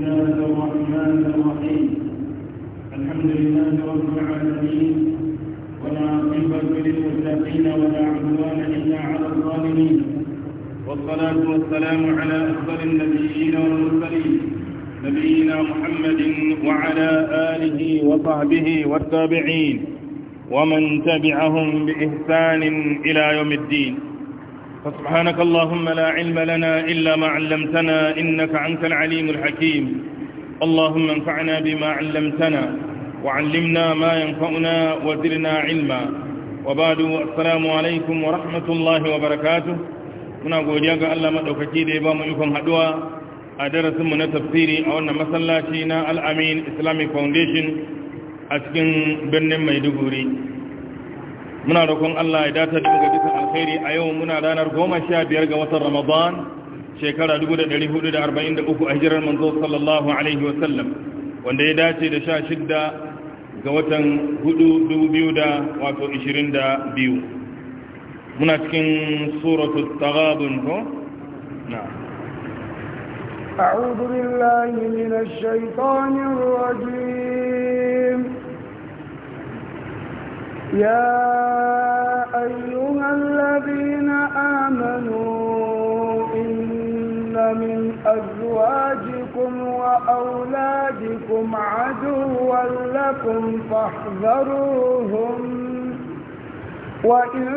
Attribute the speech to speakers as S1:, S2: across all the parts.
S1: الرحمن الرحيم الحمد لله رب العالمين
S2: للمتقين ولا عدوان إلا على الظالمين والصلاة والسلام على أفضل النبيين والمرسلين نبينا محمد وعلى آله وصحبه والتابعين ومن تبعهم بإحسان إلى يوم الدين فسبحانك اللهم لا علم لنا إلا ما علمتنا إنك أنت العليم الحكيم اللهم انفعنا بما علمتنا وعلمنا ما ينفعنا وزرنا علما وبعد السلام عليكم ورحمة الله وبركاته muna godiya ga Allah maɗaukaki da ya ba mu ikon haɗuwa a darasinmu na tafsiri a wannan masallaci na al'amin islamic foundation a cikin birnin maiduguri muna roƙon Allah ya datar da ga duka alkhairi a yau muna ranar goma sha biyar ga watan Ramadan shekara dubu da da da hudu arba'in uku a hijirar manzo sallallahu alaihi wasallam wanda ya dace da sha shidda ga watan hudu dubu biyu da wato ishirin da biyu muna cikin suratu taghabun ko
S3: na أعوذ بالله من الشيطان الرجيم يا أيها الذين آمنوا إن من أزواجكم وأولادكم عدوا لكم فاحذروهم وإن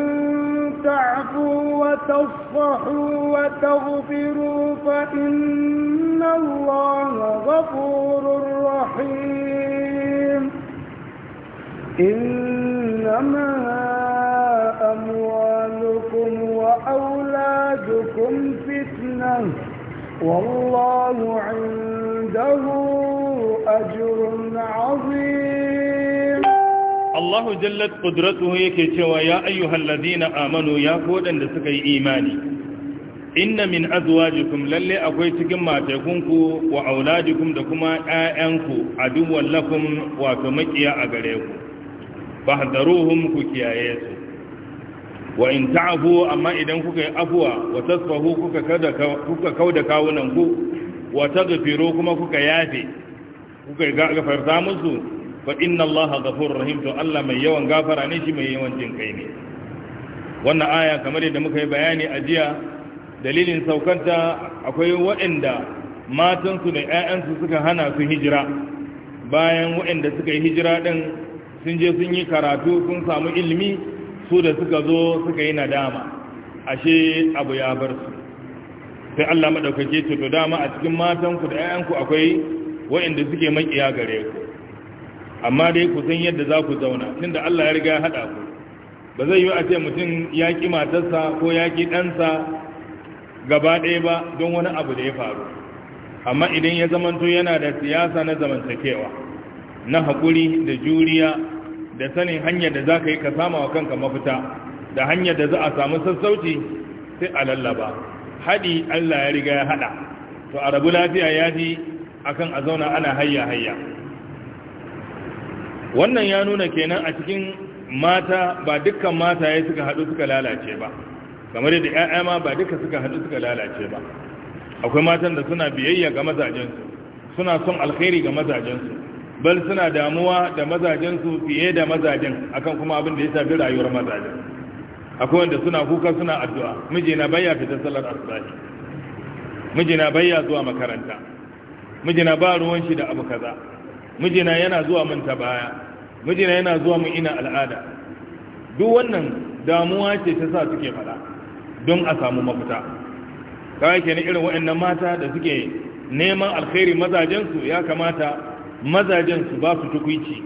S3: تعفوا وتصفحوا وتغفروا فإن الله غفور رحيم إن وما أموالكم وأولادكم فتنة والله عنده أجر عظيم
S2: الله جلت قدرته يكتوى يا أيها الذين آمنوا يا قولا لسكي إيماني إن من أزواجكم للي أقويتكم ما تكونكم وأولادكم دكما آئنكم عدوا لكم وكمكيا أغريكم fahdaruhum ku kiyaye su wa in ta'fu amma idan kuka yi afwa wa tasfahu kuka kada kuka kauda kawunan ku wa taghfiru kuma kuka yafe kuka gafarta musu fa inna allaha ghafurur rahim to Allah mai yawan gafara ne shi mai yawan jin kai ne wannan aya kamar yadda muka yi bayani a jiya dalilin saukanta akwai waɗanda matansu da 'ya'yansu suka hana su hijira bayan waɗanda suka yi hijira ɗin sun je sun yi karatu sun samu ilimi su da suka zo suka yi nadama ashe abu ya bar su sai Allah madaukake ce to dama a cikin matanku da 'ya'yanku akwai waɗanda suke makiya gare ku amma dai ku san yadda za ku zauna tunda Allah ya riga ya haɗa ku ba zai yi a ce mutum ya ƙi matarsa ko ya ƙi ɗansa gaba ɗaya ba don wani abu da ya faru amma idan ya zamanto yana da siyasa na zamantakewa na hakuri da juriya da sanin hanyar da za ka yi ka sama wa kanka mafita da hanyar da za a samu sassauci sai a lallaba haɗi Allah ya riga ya haɗa to a rabu lafiya ya ji akan a zauna ana hayya hayya wannan ya nuna kenan a cikin mata ba dukkan mata ya suka haɗu suka lalace ba kamar yadda 'ya'ya ma ba duka suka haɗu suka lalace ba akwai matan da suna biyayya ga mazajensu suna son alkhairi ga mazajensu bal suna damuwa da mazajen su fiye da mazajen akan kuma abin da ya shafi rayuwar mazajen akwai wanda suna kuka suna addu'a mijina bayya fita sallar asubahi mijina bayya zuwa makaranta mijina ba ruwan shi da abu kaza mijina yana zuwa mun ta baya mijina yana zuwa mun ina al'ada duk wannan damuwa ce ta sa suke fada don a samu mafita kawai kenan irin waɗannan mata da suke neman alkhairi mazajensu ya kamata mazajen su ba su tukwici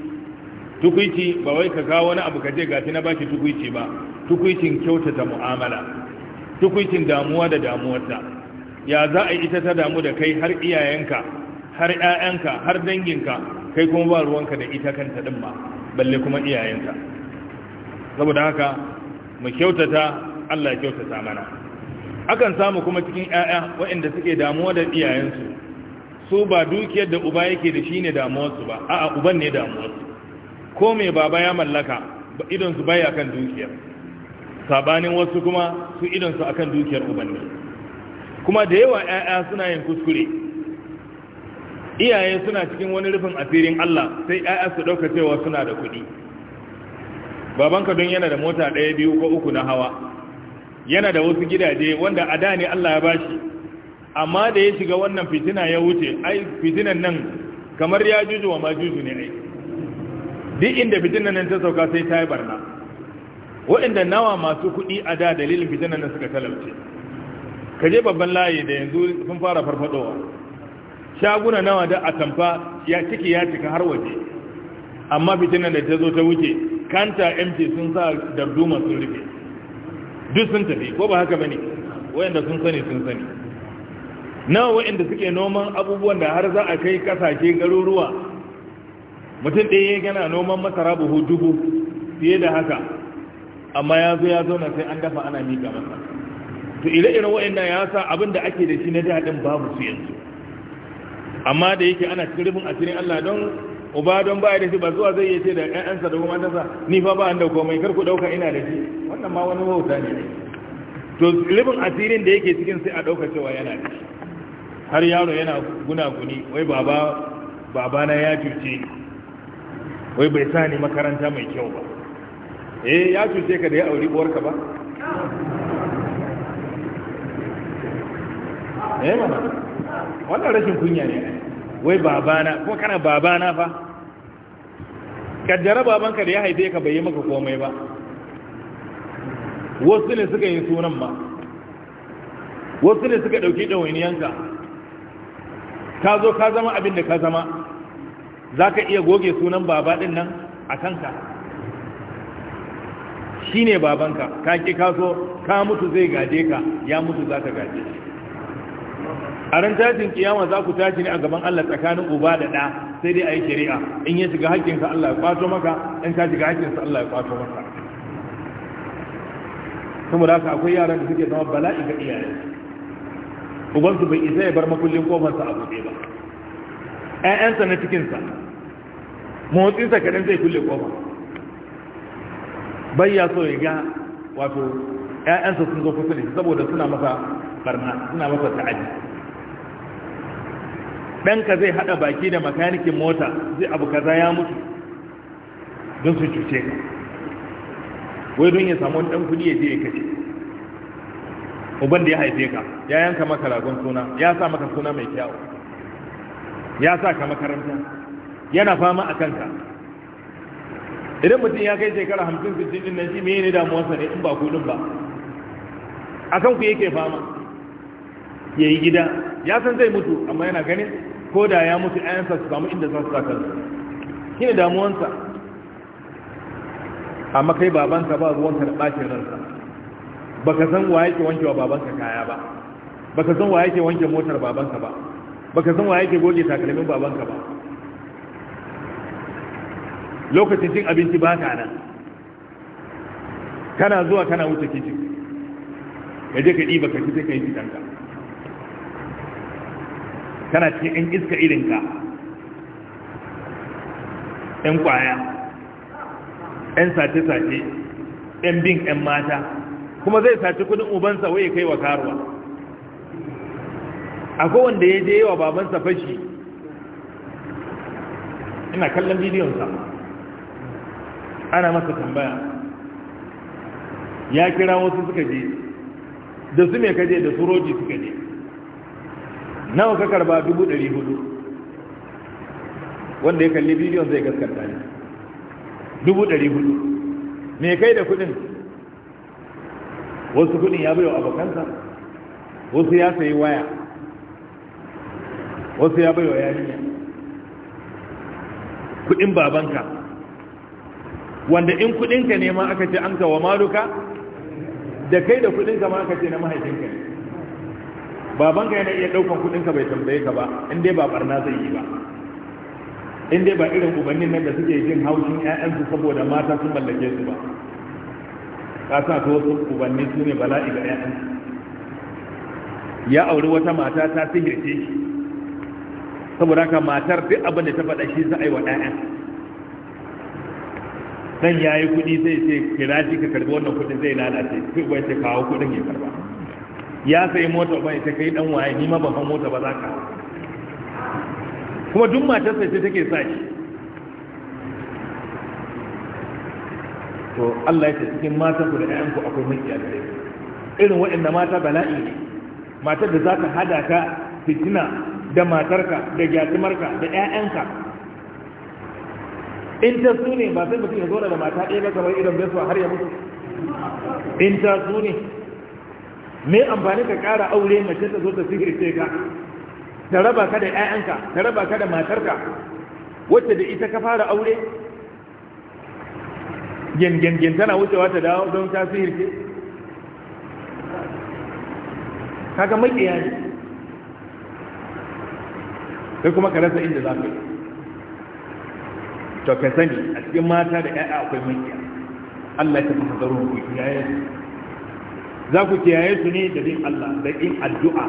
S2: tukuici ba wai ka kawo wani abu ka je gashi na baki tukuici ba tukuicin kyautata mu'amala tukuicin damuwa da damuwarta ya za a yi ita ta damu da kai har iyayenka har ƴaƴanka har danginka kai kuma ba ruwanka da ita kanta din ma balle kuma iyayenka saboda haka mu kyautata Allah ya kyautata mana akan samu kuma cikin ƴaƴa waɗanda suke damuwa da iyayensu su ba dukiyar da uba yake da shi ne damuwarsu ba a'a uban ne damuwarsu ko mai baba ya mallaka idonsu baya kan dukiyar sabanin wasu kuma su idonsu akan dukiyar uban ne kuma da yawa 'ya'ya suna yin kuskure iyaye suna cikin wani rufin asirin Allah sai 'ya'ya su ɗauka cewa suna da kuɗi babanka don yana da mota ɗaya biyu ko uku na hawa yana da wasu gidaje wanda a da ne Allah ya bashi amma da ya shiga wannan fitina ya wuce ai fitinan nan kamar ya juju wa majuju ne ai duk inda fitinan nan ta sauka sai ta yi barna waɗanda nawa masu kuɗi a da dalilin fitinan nan suka talauce ka je babban layi da yanzu sun fara farfadowa shaguna nawa da atamfa ya ciki ya cika har waje amma fitinan da ta zo ta wuce kanta mt sun sa darduma sun rufe duk sun tafi ko ba haka bane wayanda sun sani sun sani nawa waɗanda suke noman abubuwan da har za a kai kasashe garuruwa mutum ɗaya yana noman masara buhu dubu fiye da haka amma ya zo ya zauna sai an dafa ana miƙa masa to ire-iren waɗanda ya sa abin da ake da shi na daɗin babu su yanzu amma da yake ana cikin rufin asirin Allah don uba don baya da shi ba zuwa zai yace da ƴaƴansa da kuma ɗansa ni fa ba an da komai kar ku dauka ina da shi wannan ma wani wauta ne to rufin asirin da yake cikin sai a dauka cewa yana da shi har yaro yana gunaguni wai baba babana ya cuce wai bai sa ni makaranta mai kyau ba eh ya cuce ka da ya auri uwarka ba
S1: eh mana wannan rashin kunya ne
S2: wai babana kuma kana babana fa kaddara babanka da ya haife ka bai yi maka komai ba wasu ne suka yi sunan ma wasu ne suka ɗauki ɗawainiyanka ka zo ka zama abin da ka zama za ka iya goge sunan baba ɗin nan a kanka shi ne babanka ka ka zo ka mutu zai gaje ka ya mutu za ka gaje a ran tashin kiyama za ku tashi ne a gaban Allah tsakanin uba da ɗa sai dai a yi shari'a in ya shiga haƙƙinsa Allah ya kwato maka in ka shiga haƙƙinsa Allah ya kwato maka saboda haka akwai yaran da suke zama bala'i ga iyaye ubansu bai isa ya bar makullin kofarsa a buɗe ba ƴaƴansa na cikinsa motsinsa kaɗan zai kulle koma bai ya so ya ga wato ƴaƴansa sun zo kusa da shi saboda suna masa barna suna masa ta'adi ɗanka zai haɗa baki da makanikin mota zai abu kaza ya mutu don su cuce ka wai don ya samu wani ɗan kuɗi ya je ya kashe uban da ya haife ka ya yanka maka ragon suna ya sa maka suna mai kyau ya sa ka makaranta yana fama a kanka idan mutum ya kai shekara hamsin su cikin nan shi mai yi damuwarsa ne in ba kudin ba a kan ku yake fama ya yi gida ya san zai mutu amma yana ganin ko da ya mutu ayansa su samu inda za su sa kansu shi ne damuwansa amma kai babansa ba ruwanka da ɓacin ransa baka san wa yake wanke wa babanka kaya ba baka san wa yake wanke motar babanka ba baka san wa yake goge takalmin babanka ba lokacin cin abinci ba ka nan kana zuwa kana wuce kicin ka je ka ɗiba ka ci sai ka yi fitanka kana cikin ɗan iska irinka ɗan ƙwaya ɗan sace-sace ɗan bin ɗan mata kuma zai saci kudin ubansa waye kai wa karuwa akwai wanda ya je wa babansa fashi ina kallon bidiyonsa ana masa tambaya ya kira wasu suka je da su mai kaje da su roji suka je nawa ka karba dubu ɗari hudu? wanda ya kalli bidiyon zai gaskata ne Dubu ɗari hudu. me kai da kudin wasu kudin ya bayo abokansa wasu ya sayi waya wasu ya bayo yarinya kudin babanka wanda in kudinka ne ma aka ce an wa maluka da kai da kudinka ma aka ce na mahaifinka ne babanka yana iya daukan kudinka bai tambaye ka ba in dai ba barna zai yi ba in dai ba irin ubannin nan da suke jin haushin 'ya'yansu saboda mata sun mallake su ba ka sa ta wasu ubanni su ne bala'i ga ƴaƴan ya auri wata mata ta sihirce shi saboda haka matar duk abin da ta faɗa shi za a yi wa ƴaƴan dan ya yi kuɗi sai ce kira shi ka karbi wannan kuɗin zai lalace sai uban ce kawo kuɗin ya karba ya sayi mota uban ita kai dan waye ni ma ban mota ba za ka kuma duk matar sai take sa shi to Allah ya ce cikin matan ku da ƴaƴan ku akwai makiya da irin waɗanda mata bala'i ne matar da za ta hada ka fitina da matarka da gyatumarka da ƴaƴanka in ta su ne ba sai mutum ya zo da mata ɗaya ba kamar idan bai har ya mutu in ta su ne me amfani ka ƙara aure mace ta zo ta sihirce ka ta raba ka da ƴaƴanka ta raba ka da matarka wacce da ita ka fara aure gengengeng tana wucewa ta dawo don ta ke, kaga maƙiya ne sai kuma ka rasa inda za ka yi to ka sani a cikin mata da 'ya'ya akwai maƙiya Allah ya tafi hazaru ku kiyaye za ku kiyaye su ne da bin Allah da in addu'a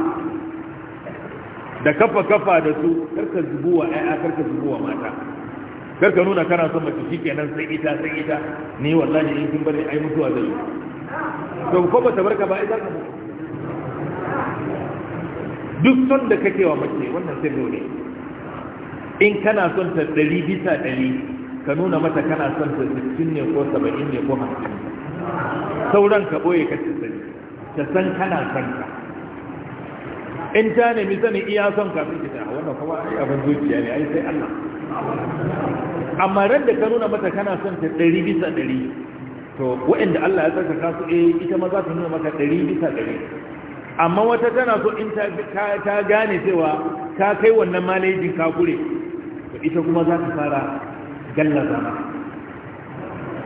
S2: da kafa kafa da su karka zubuwa 'ya'ya karka zubuwa mata kar ka nuna kana son mace shi kenan sai ita sai ita ni wallahi in kin bari ai mutuwa zai yi to ko ba ta barka ba idan duk son da kake wa mace wannan sai dole, in kana son ta ɗari bisa ɗari ka nuna mata kana son ta sittin ne ko saba'in ne ko hamsin sauran ka ɓoye ka tsari ta san kana son ka in ta nemi sani iya son ka sai ta wannan kuma ai abin zuciya ne ai sai Allah amma ran da ka nuna mata kana son ta ɗari bisa ɗari to waɗanda Allah ya ka su eh ita ma za ta nuna maka ɗari bisa ɗari amma wata tana so in ta gane cewa ka kai wannan malejin ka kure to ita kuma za ta fara gallaza ma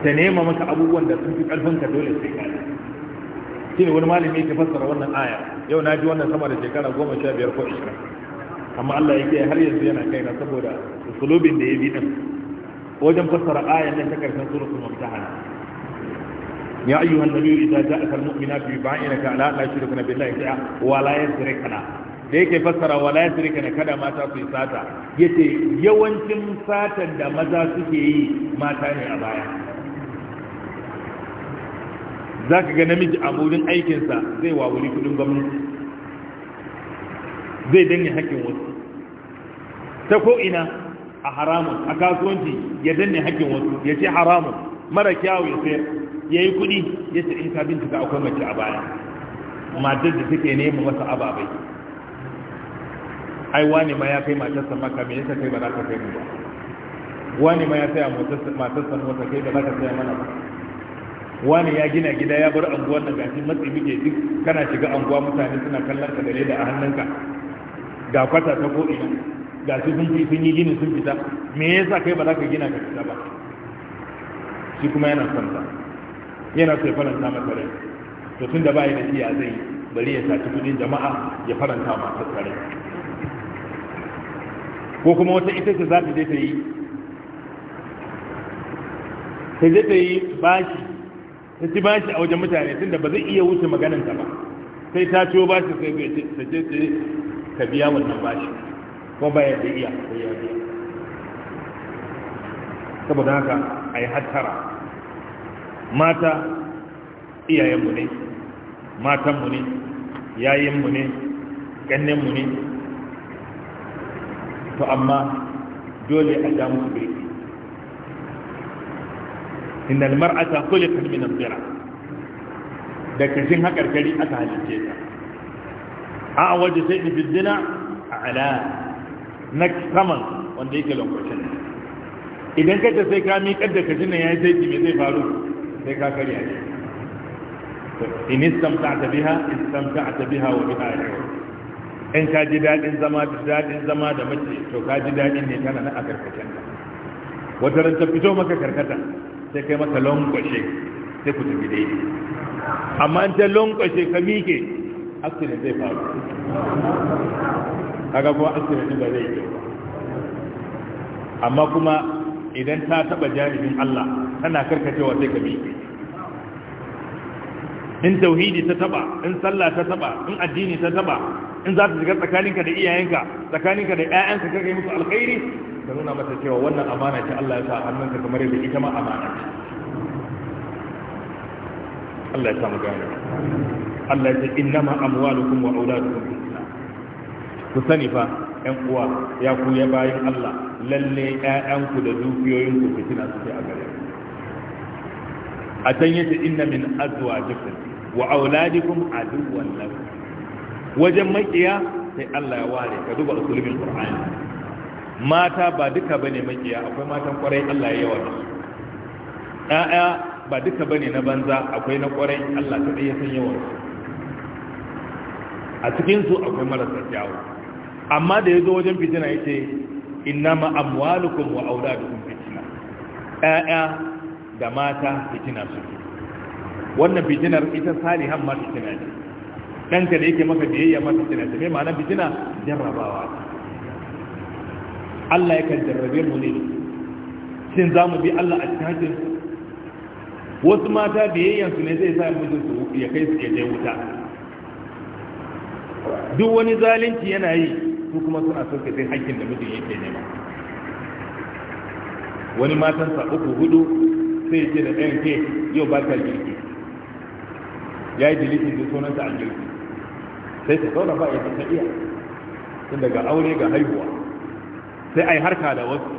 S2: ta nema maka abubuwan da sun fi ƙarfin ka dole sai ka shi ne wani malami ke fassara wannan aya yau na ji wannan sama da shekara goma sha biyar ko ishirin amma Allah ya ke har yanzu yana kaina saboda kulubin da ya bi din wajen fassara ayan nan ta karshen suratul mumtahana يا أيها النبي إذا جاءك المؤمنات يبايعنك على لا يشركن بالله شيئا la يسرقن da yake fassara wala ya na kada mata su yi sata yace yawancin satan da maza suke yi mata ne a baya za ka ga namiji a wurin aikinsa zai wawuri kudin gwamnati zai danne hakkin wasu ta ko ina a haramun a kasuwanci ya danne hakkin wasu ya ce haramun mara kyawu ya sayar ya yi kuɗi ya ce in sabin bincika akwai mace a baya matar da take nema masa ababai ai wani ma ya kai matarsa maka me yasa kai ba za ka kai mu ba wani ma ya saya matarsa mota kai ba za ka saya mana ba wani ya gina gida ya bar anguwar nan gashi matsi muke duk kana shiga anguwa mutane suna kallon ka da leda a hannunka ga kwata ta ko ina ga shi sun fi sun yi gini sun fita me yasa kai ba za ka gina ka fita ba shi kuma yana son ta yana sai ya faranta masa rai to tun da bai da shi ya zai bari ya saci kudin jama'a ya faranta masa rai ko kuma wata ita ce za ta je ta yi ta je ta yi bashi ta ci bashi a wajen mutane tun da ba zai iya wuce maganin ta ba sai ta ciwo bashi sai ta je ta biya wannan bashi ko ba yadda iya ko ya biya saboda haka a yi hattara mata iyayenmu ne matanmu ne yayinmu ne ƙannenmu ne to amma dole a ja musu birki inda almar'ata kulle kalminan zira da kashin haƙarƙari aka halice ta a waje sai ibidina a ala na saman wanda yake lokacin idan ka sai ka mi kadda ka nan ya yi saiti mai zai faru sai ka karya shi in istamta'ta ta biha istamta'ta ta biha wa biha ya in ka ji daɗin zama da dadin zama da mace to ka ji daɗin ne kana na karkatan wata ran ta fito maka karkata sai kai maka lonkwashe sai ku tafi dai amma in ta lonkwashe ka miƙe aksine zai faru kaga kuma an asibiti ba zai yi amma kuma idan ta taba jami'in Allah tana karkacewa sai ka miƙe in tauhidi ta taba in sallah ta taba in addini ta taba in za ta shiga tsakaninka da iyayenka tsakaninka da ƴaƴanka kaga musu alkhairi ka nuna mata cewa wannan amana ce Allah ya sa hannunka kamar yadda ita ma amana ce Allah ya sa mu gane Allah ya ce innama amwalukum wa auladukum ku sani fa ƴan uwa ya ku ya bayin Allah lalle ƴaƴanku da dukiyoyinku fitina suke a gare a can yace inna min azwajikum wa auladikum aduwwan lakum wajen makiya sai Allah ya ware ka duba usulul qur'ani mata ba duka bane makiya akwai matan kwarai Allah ya yawa ƴaƴa ba duka bane na banza akwai na kwarai Allah kadai ya san yawan a cikin su akwai marasa kyawu amma da ya zo wajen fitina ya ce inna ma'amwalukun wa kun fitina ɗaya da mata fitina su wannan fitinar ita salihan ma fitina ne ɗanka da yake maka biyayya ma fitina ta mai ma'ana fitina jarrabawa Allah ya kan jarrabe mu ne shin za mu bi Allah a cikin wasu mata biyayyansu ne zai sa mijinsu ya kai su ya je wuta duk wani zalunci yana yi su kuma suna son ka sai hakkin da mutum yake nema wani matan sa uku hudu sai ce da ɗayan ke yau ba ka girki ya yi dilitin da sunansa a girki sai ta zauna ba ya ta iya tun daga aure ga haihuwa sai a yi harka da wasu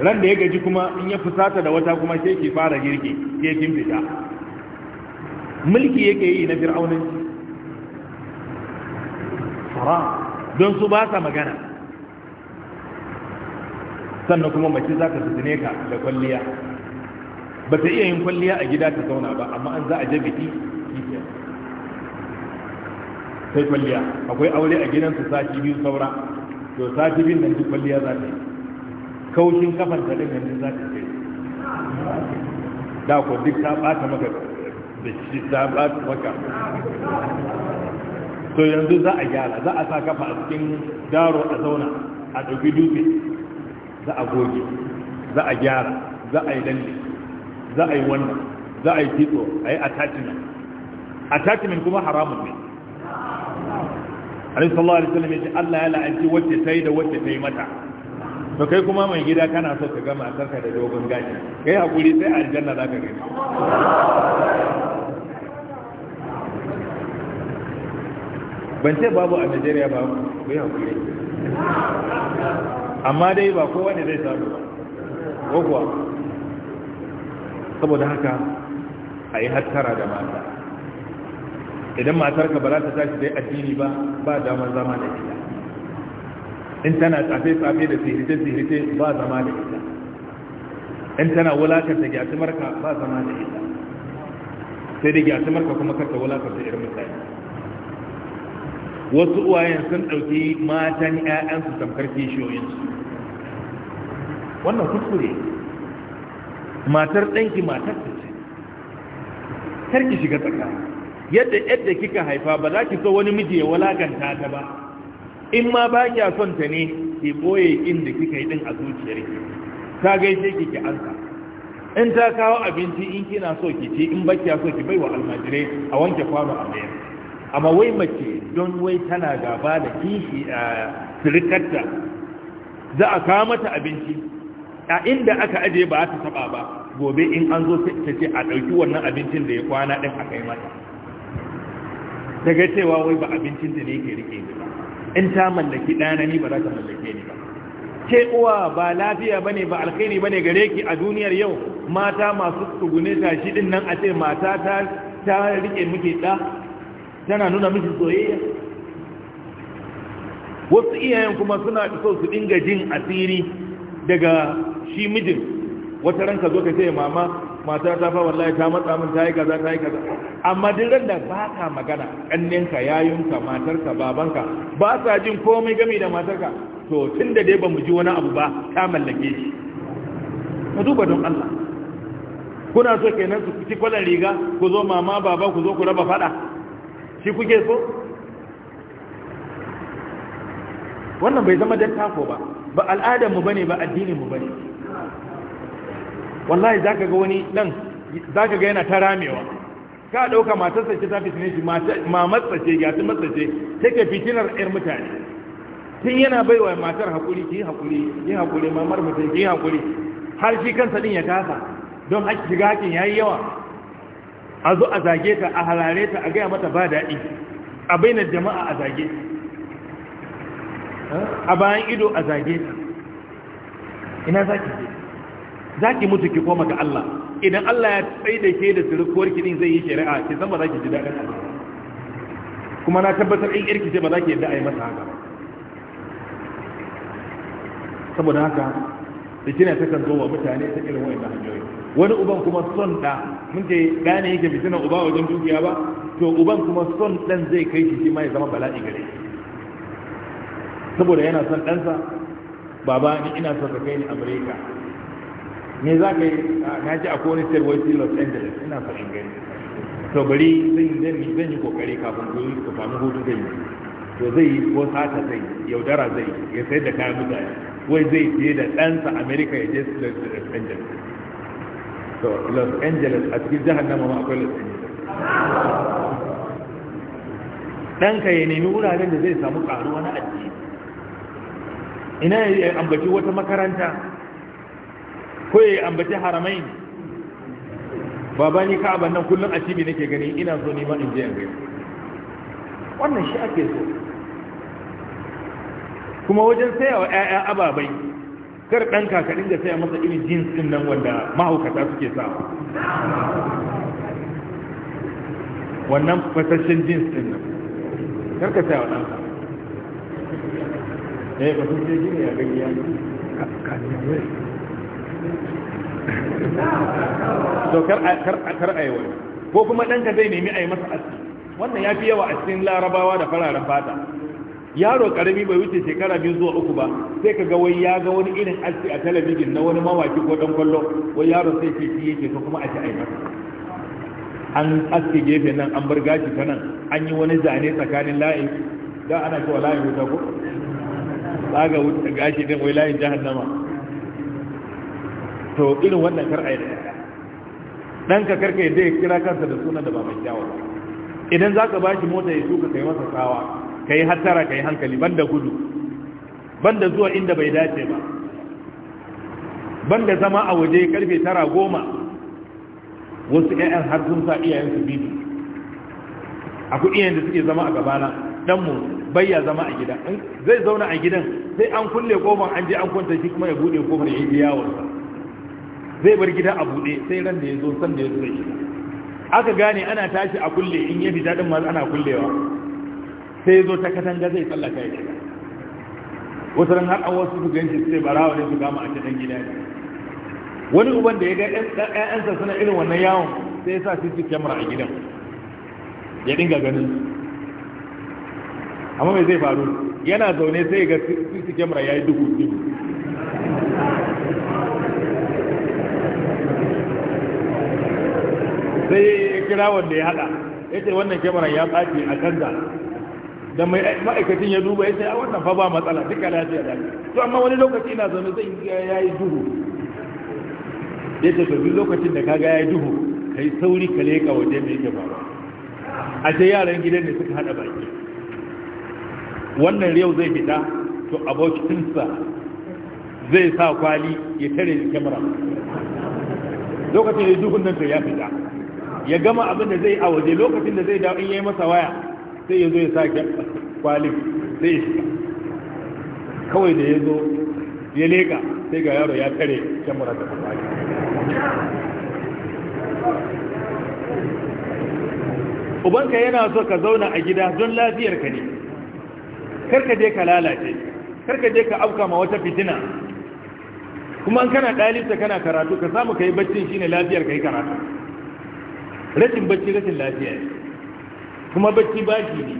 S2: ran da ya gaji kuma in ya fusata da wata kuma sai ke fara girki ke kin fita mulki yake yi na fir'aunin fara don su ba sa magana sannan kuma mace za ka fitine ka da kwalliya ba ta iya yin kwalliya a gida ta zauna ba amma an za a je biki kike sai kwalliya akwai aure a gidansu sati biyu saura to sati biyu nan duk kwalliya za ta yi kaushin kafan ta yanzu za ta yi da ko duk ta ɓata maka da shi ta ɓata maka to yanzu za a gyara za a sa kafa a cikin daro a zauna a ɗauki dutse za a goge za a gyara za a yi danne za a yi wannan za a yi kitso a yi attachment attachment kuma haramun ne alaihi sallallahu alaihi wasallam yace Allah ya la'anci wacce tayi da wacce tayi mata to kai kuma mai gida kana so ka gama karka da dogon gashi kai hakuri sai aljanna zaka gani ban ce babu a najeriya ba bai haƙuri amma dai ba kowa ne zai samu ba kuwa saboda haka a yi hattara da mata idan matarka ba za ta tashi dai addini ba ba damar zama da ita in tana tsafe-tsafe da sihirce-sihirce ba zama da ita in tana da gyatumarka ba zama da ita sai da gyatumarka kuma karta wulakar da irin mutane wasu uwayen sun ɗauki matan 'ya'yansu tamkar kishiyoyinsu wannan kuskure matar ɗanki matar ta ce karki shiga tsaka yadda yadda kika haifa ba za ki so wani miji ya walakanta ta ba in ma ba kya son ta ne ki boye inda kika yi ɗin a zuciyar ki ta gaishe ki ki ansa in ta kawo abinci in kina so ki ci in ba kya so ki bai wa almajirai a wanke kwano a bayan amma wai mace don wai tana gaba da kishi a firkatta za a kawo mata abinci a inda aka aje ba ta taba ba gobe in an zo ta ce a ɗauki wannan abincin da ya kwana ɗin a kai mata daga cewa wai ba abincin da ne ke rike ni ba in ta mallaki ɗana ni ba za ta mallake ni ba ke uwa ba lafiya bane ba alkhairi bane gare ki a duniyar yau mata masu tsugune tashi din nan a ce mata ta ta rike miki da tana nuna miki soyayya wasu iyayen kuma suna so su dinga jin asiri daga shi mijin wata ranka zo ka ce mama mata ta fa wallahi ta matsa min ta yi kaza ta yi kaza amma duk ran da ba ka magana ƙannenka yayunka matarka babanka ba sa jin komai game da matarka to tun da dai ba mu ji wani abu ba ta mallake shi ka duba don Allah kuna so kenan su ci kwalan riga ku zo mama baba ku zo ku raba fada shi kuke so wannan bai zama dattako ba ba al'adar mu bane ba addinin mu bane wallahi zaka ga wani nan zaka ga yana ta ramewa ka dauka matarsa ce ta fitine shi mamarsa matsace, gasi matsace, ce take fitinar yar mutane tun yana baiwa matar hakuri ki hakuri ki hakuri mamar mutum ki hakuri har shi kansa din ya kasa don shiga ya yayi yawa a zo a zage ta a halare ta a gaya mata ba daɗi a bainar jama'a a zage a bayan ido a zage ta ina zaki Za zaki mutu ki koma ga Allah idan Allah ya tsaye da ke da surukuwar ki din zai yi shari'a ki zama ba za ki ji daɗin Allah kuma na tabbatar in irki ce ba za ki yadda a yi masa haka saboda haka da kina ta kan zo wa mutane ta irin wa'in da hanyoyi wani uban kuma son ɗa mun ce ɗa ne yake fitinan uba wajen dukiya ba to uban kuma son ɗan zai kai shi shi ma ya zama bala'i gare saboda yana son ɗansa baba ni ina son ka kai ni america me za ka yi ah, na ji a kowane state wai los angeles ina son in gani to bari zan yi zan yi kokari kafin ku ku samu hutu zai yi to zai yi ko sata zai yaudara zai ya sayar da kayan mutane wai zai fiye da ɗansa amerika ya je los angeles los angeles a cikin jahannama ma akwai los angeles ɗanka ya nemi wuraren da zai samu ƙaruwa na addini ina ya ambaci wata makaranta ko ya ambaci haramai babani baba ni ka'aban nan kullum a cibi nake gani ina so ni ma in je in wannan shi ake so kuma wajen sayawa 'ya'ya ababai kar ɗan kakarin da saya masa irin jins ɗin nan wanda mahaukata suke sa wannan fasashen jins ɗin nan kar ka saya wa ɗanka eh ba su ce gini ya gani ya to kar a yi wani ko kuma ka zai nemi a yi masa aski wannan ya fi yawa a cikin larabawa da fararen fata yaro karami bai wuce shekara biyu zuwa uku ba sai ka ga wai ya ga wani irin aski a talabijin na wani mawaki ko dan kwallo wai yaro sai ce shi yake ka kuma a ci aika an aski gefe nan an bar gashi ta nan an yi wani zane tsakanin layin da ana cewa layin wuta ko ga wuta gashi din wai layin jahannama to irin wannan kar ayi dan ka karka yadda ya kira kansa da sunan da ba mai kyawu idan zaka bashi mota ya tuka kai masa tsawa ka yi hattara ka yi hankali banda gudu banda zuwa inda bai dace ba banda zama a waje karfe tara goma wasu 'ya'yan har sun sa iyayensu bibi A iyayen da suke zama a gabana ɗanmu bayya zama a gida zai zauna a gidan sai an kulle goma an je an kwanta shi kuma ya buɗe goma ya yi yawonsa zai bar gida a buɗe sai ran da ya zo san da ya zo shi. aka gane ana tashi a kulle in ya fita din ma ana kullewa sai zo ta katanga zai tsallaka ya shiga wasu ran har an wasu su ganci sai barawa ne su gama a cikin gida ne wani uban da ya ga ƴaƴansa suna irin wannan yawon sai ya sa sisi kyamara a gidan ya dinga ganin amma mai zai faru yana zaune sai ya ga sisi kyamara ya yi duhu duhu sai ya kira wanda ya haɗa. ya ce wannan kyamara ya ɓaci a canza da mai ma'aikacin ya duba ya sai a wannan fa ba matsala duka lafiya da to amma wani lokaci ina zaune zai ya yi duhu ya ce to lokacin da kaga ya yi duhu kai sauri ka leka waje mai yake faruwa a ce yaran gidan ne suka hada baki wannan yau zai fita to abokinsa zai sa kwali ya tare kyamara lokacin da duhun nan to ya fita ya gama abin da zai a waje lokacin da zai dawo in yayi masa waya sai ya zo ya sake kwalin sai ya shiga kawai da ya zo ya leka sai ga yaro ya tare can mura da kwali ubanka yana so ka zauna a gida don lafiyar ka ne karka je ka lalace karka je ka auka ma wata fitina kuma an kana ɗalibta kana karatu ka samu ka yi baccin ne lafiyar ka yi karatu rashin bacci rashin lafiya ne kuma bacci ba shi ne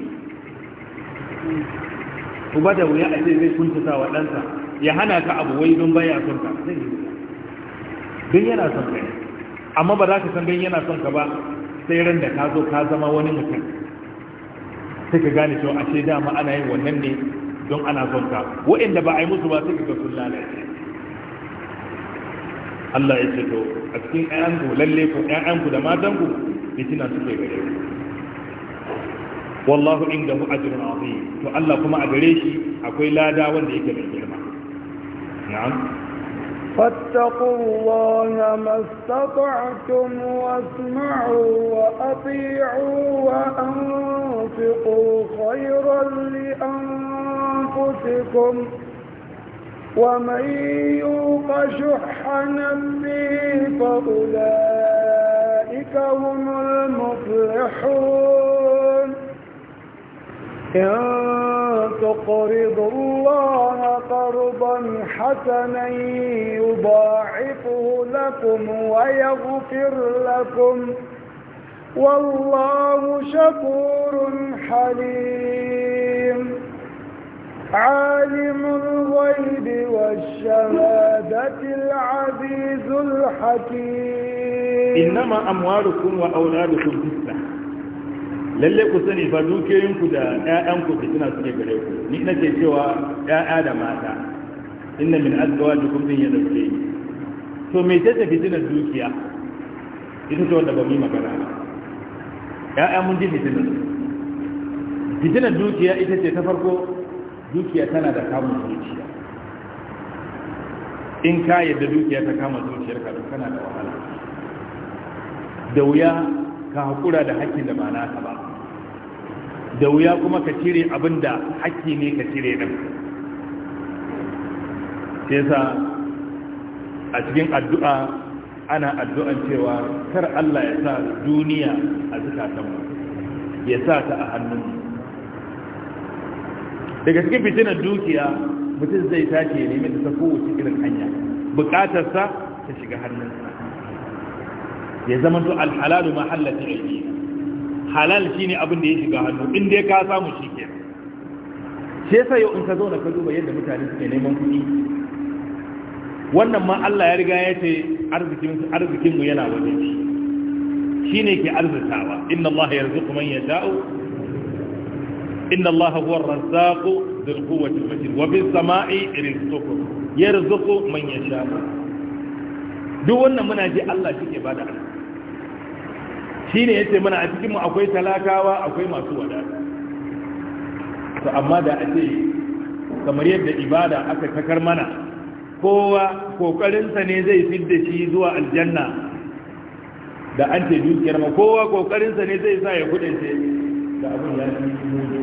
S2: uba da wuya a ce zai sa wa ɗansa ya hana ka abu wai don baya son ka zai yi don yana son ka amma ba za ka san don yana son ka ba sai ran da ka zo ka zama wani mutum sai ka gane cewa ashe dama ana yin wannan ne don ana son ka wa'inda ba a yi musu ba sai ka sun lalace Allah ya ce to a cikin ƴaƴanku lalle ku ƴaƴanku da matanku fitina suke gare ku والله عنده أجر عظيم to Allah kuma أقول لا shi ليك lada نعم
S3: فاتقوا الله ما استطعتم واسمعوا وأطيعوا وأنفقوا خيرا لأنفسكم ومن يوق شح نفسه فأولئك هم المفلحون إن تقرضوا الله قرضا حسنا يضاعفه لكم ويغفر لكم والله شكور حليم عالم الغيب والشهادة العزيز الحكيم
S2: إنما أموالكم وأولادكم فتنة lalle ku sani fa dukiyoyinku da ƴaƴanku suna suke gare ku ni ina ce cewa ƴaƴa da mata inna min azwajikum din ya dauke to me ce ta fitina dukiya ita ce wanda ba mu magana ba ƴaƴa mun ji fitina fitina dukiya ita ce ta farko dukiya tana da kamun zuciya in ka yadda dukiya ta kama zuciyarka to kana da wahala da wuya ka haƙura da hakkin da ba ka ba da wuya kuma ka cire abin da haƙƙi ne ka cire nan. Ke sa a cikin addu'a ana addu'an cewa kar Allah ya sa duniya a zukatanmu ya sa ta a hannunmu daga cikin fitinar dukiya mutum zai tashi ya nemi ta kowace irin hanya bukatarsa ta shiga hannunsa ya zama to alhalalu mahallata halal shi ne abin da ya shiga hannu in dai ka samu shi ke shi yasa yau in ka zo da ka duba yadda mutane suke neman kuɗi wannan ma Allah ya riga ya ce arzikin yana waje shi ne ke arzikawa inna Allah yarzuqu man yasha'u inna Allah huwa ar-razzaqu dhul quwwati al-matin wa bis sama'i rizqukum yarzuqu man yasha'u duk wannan muna ji Allah shi ke bada arziki shi ne ya ce mana a cikinmu akwai talakawa akwai masu wadata to amma da a ce kamar yadda ibada aka takar mana kowa kokarinsa ne zai fidda shi zuwa aljanna da an ce dukiyar ma kowa kokarinsa ne zai sa ya ce da abin ya fi mudu